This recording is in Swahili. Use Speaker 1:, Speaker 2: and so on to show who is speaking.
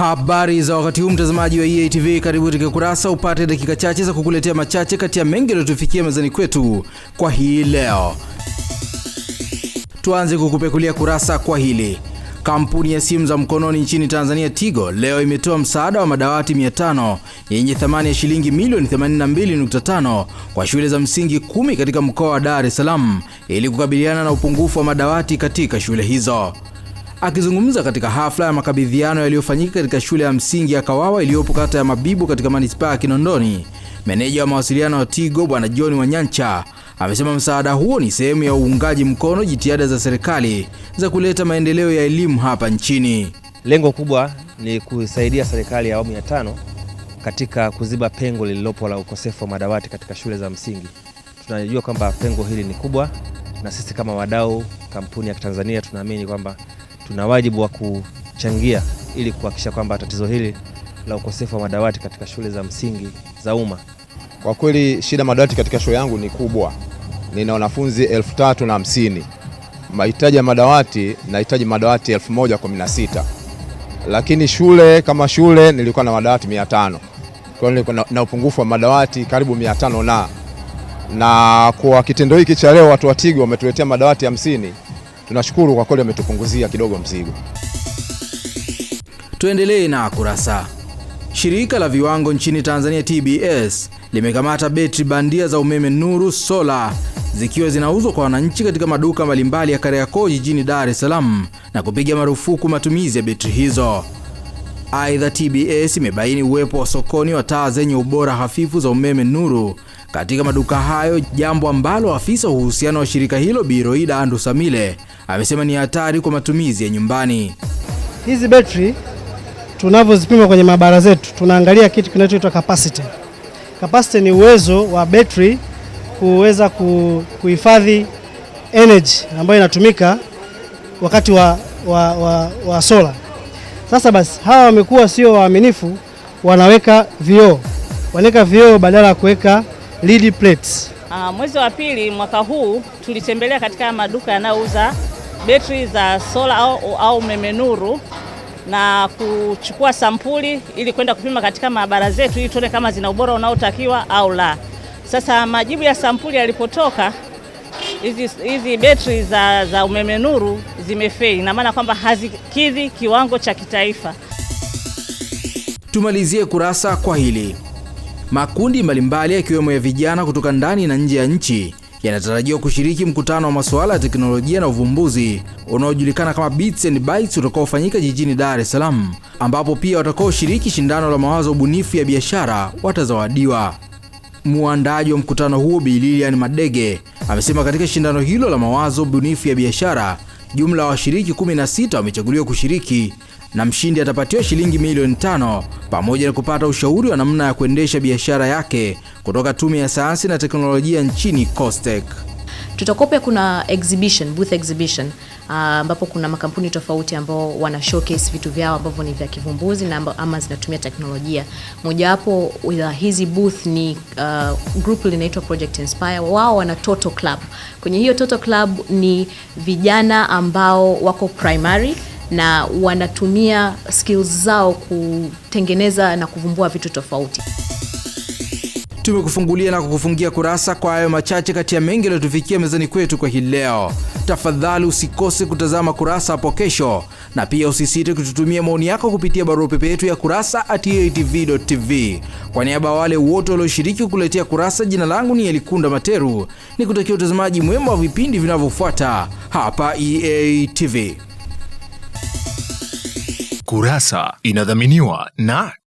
Speaker 1: Habari za wakati huu mtazamaji wa EATV, karibu katika Kurasa upate dakika chache za kukuletea machache kati ya mengi yaliyotufikia mezani kwetu kwa hii leo. Tuanze kukupekulia kurasa kwa hili. Kampuni ya simu za mkononi nchini Tanzania Tigo leo imetoa msaada wa madawati 500 yenye thamani ya shilingi milioni 82.5 kwa shule za msingi kumi katika mkoa wa Dar es Salaam ili kukabiliana na upungufu wa madawati katika shule hizo. Akizungumza katika hafla ya makabidhiano yaliyofanyika katika shule ya msingi ya Kawawa iliyopo kata ya Mabibu katika manispaa ya Kinondoni, meneja wa mawasiliano wa Tigo Bwana John Wanyancha amesema msaada huo ni sehemu ya uungaji mkono jitihada za serikali za kuleta maendeleo ya elimu hapa nchini.
Speaker 2: Lengo kubwa ni kusaidia serikali ya awamu ya tano katika kuziba pengo lililopo la ukosefu wa madawati katika shule za msingi. Tunajua kwamba pengo hili ni kubwa, na sisi kama wadau, kampuni ya Tanzania, tunaamini kwamba tuna wajibu wa kuchangia ili kuhakikisha kwamba tatizo hili la ukosefu wa madawati katika shule za msingi za umma.
Speaker 3: Kwa kweli shida madawati katika shule yangu ni kubwa, nina wanafunzi elfu tatu na hamsini. Mahitaji ya madawati nahitaji madawati elfu moja kumi na sita lakini shule kama shule nilikuwa na madawati mia tano kwa hiyo nilikuwa na upungufu wa madawati karibu mia tano na na kwa kitendo hiki cha leo watu wa Tigo wametuletea madawati hamsini tunashukuru kwa kweli, wametupunguzia kidogo mzigo.
Speaker 1: Tuendelee na kurasa. Shirika la viwango nchini Tanzania TBS limekamata betri bandia za umeme Nuru Sola zikiwa zinauzwa kwa wananchi katika maduka mbalimbali ya Kariakoo jijini Dar es Salaam na kupiga marufuku matumizi ya betri hizo. Aidha, TBS imebaini uwepo wa sokoni wa taa zenye ubora hafifu za umeme Nuru katika maduka hayo, jambo ambalo afisa uhusiano wa shirika hilo biroida Andu Samile amesema ni hatari kwa matumizi ya nyumbani.
Speaker 4: Hizi betri tunavyozipima kwenye maabara zetu tunaangalia kitu kinachoitwa capacity. Capacity ni uwezo wa betri kuweza kuhifadhi energy ambayo inatumika wakati wa, wa, wa, wa sola. Sasa basi hawa wamekuwa sio waaminifu, wanaweka vioo, wanaweka vioo badala ya kuweka lead plates.
Speaker 5: Uh, mwezi wa pili mwaka huu tulitembelea katika maduka yanayouza betri za sola au, au memenuru na kuchukua sampuli ili kwenda kupima katika maabara zetu ili tuone kama zina ubora unaotakiwa au la. Sasa majibu ya sampuli yalipotoka, hizi betri za, za umeme nuru zimefei, na maana kwamba hazikidhi kiwango cha kitaifa.
Speaker 1: Tumalizie kurasa kwa hili. Makundi mbalimbali yakiwemo ya vijana kutoka ndani na nje ya nchi yanatarajiwa kushiriki mkutano wa masuala ya teknolojia na uvumbuzi unaojulikana kama Bits and Bytes utakaofanyika jijini Dar es Salaam, ambapo pia watakaoshiriki shindano la mawazo bunifu ya biashara watazawadiwa. Muandaji wa mkutano huo bililian Madege amesema katika shindano hilo la mawazo bunifu ya biashara Jumla washiriki 16 wamechaguliwa kushiriki na mshindi atapatiwa shilingi milioni tano pamoja na kupata ushauri wa namna ya kuendesha biashara yake kutoka Tume ya Sayansi na Teknolojia nchini COSTECH.
Speaker 6: Tutako pia kuna exhibition, booth exhibition ah, ambapo uh, kuna makampuni tofauti ambao wana showcase vitu vyao ambavyo ni vya kivumbuzi na amba, ama zinatumia teknolojia. Mojawapo ya hizi booth ni uh, group linaitwa Project Inspire. Wao wana Toto Club. Kwenye hiyo Toto Club ni vijana ambao wako primary na wanatumia skills zao kutengeneza na kuvumbua vitu tofauti.
Speaker 1: Tumekufungulia na kukufungia kurasa kwa hayo machache kati ya mengi yaliyotufikia mezani kwetu kwa hii leo. Tafadhali usikose kutazama kurasa hapo kesho, na pia usisite kututumia maoni yako kupitia barua pepe yetu ya kurasa at Kwa niaba ya wale wote walioshiriki kukuletea kurasa, jina langu ni Elikunda Materu, ni kutakia utazamaji mwema wa vipindi vinavyofuata hapa EATV. Kurasa inadhaminiwa na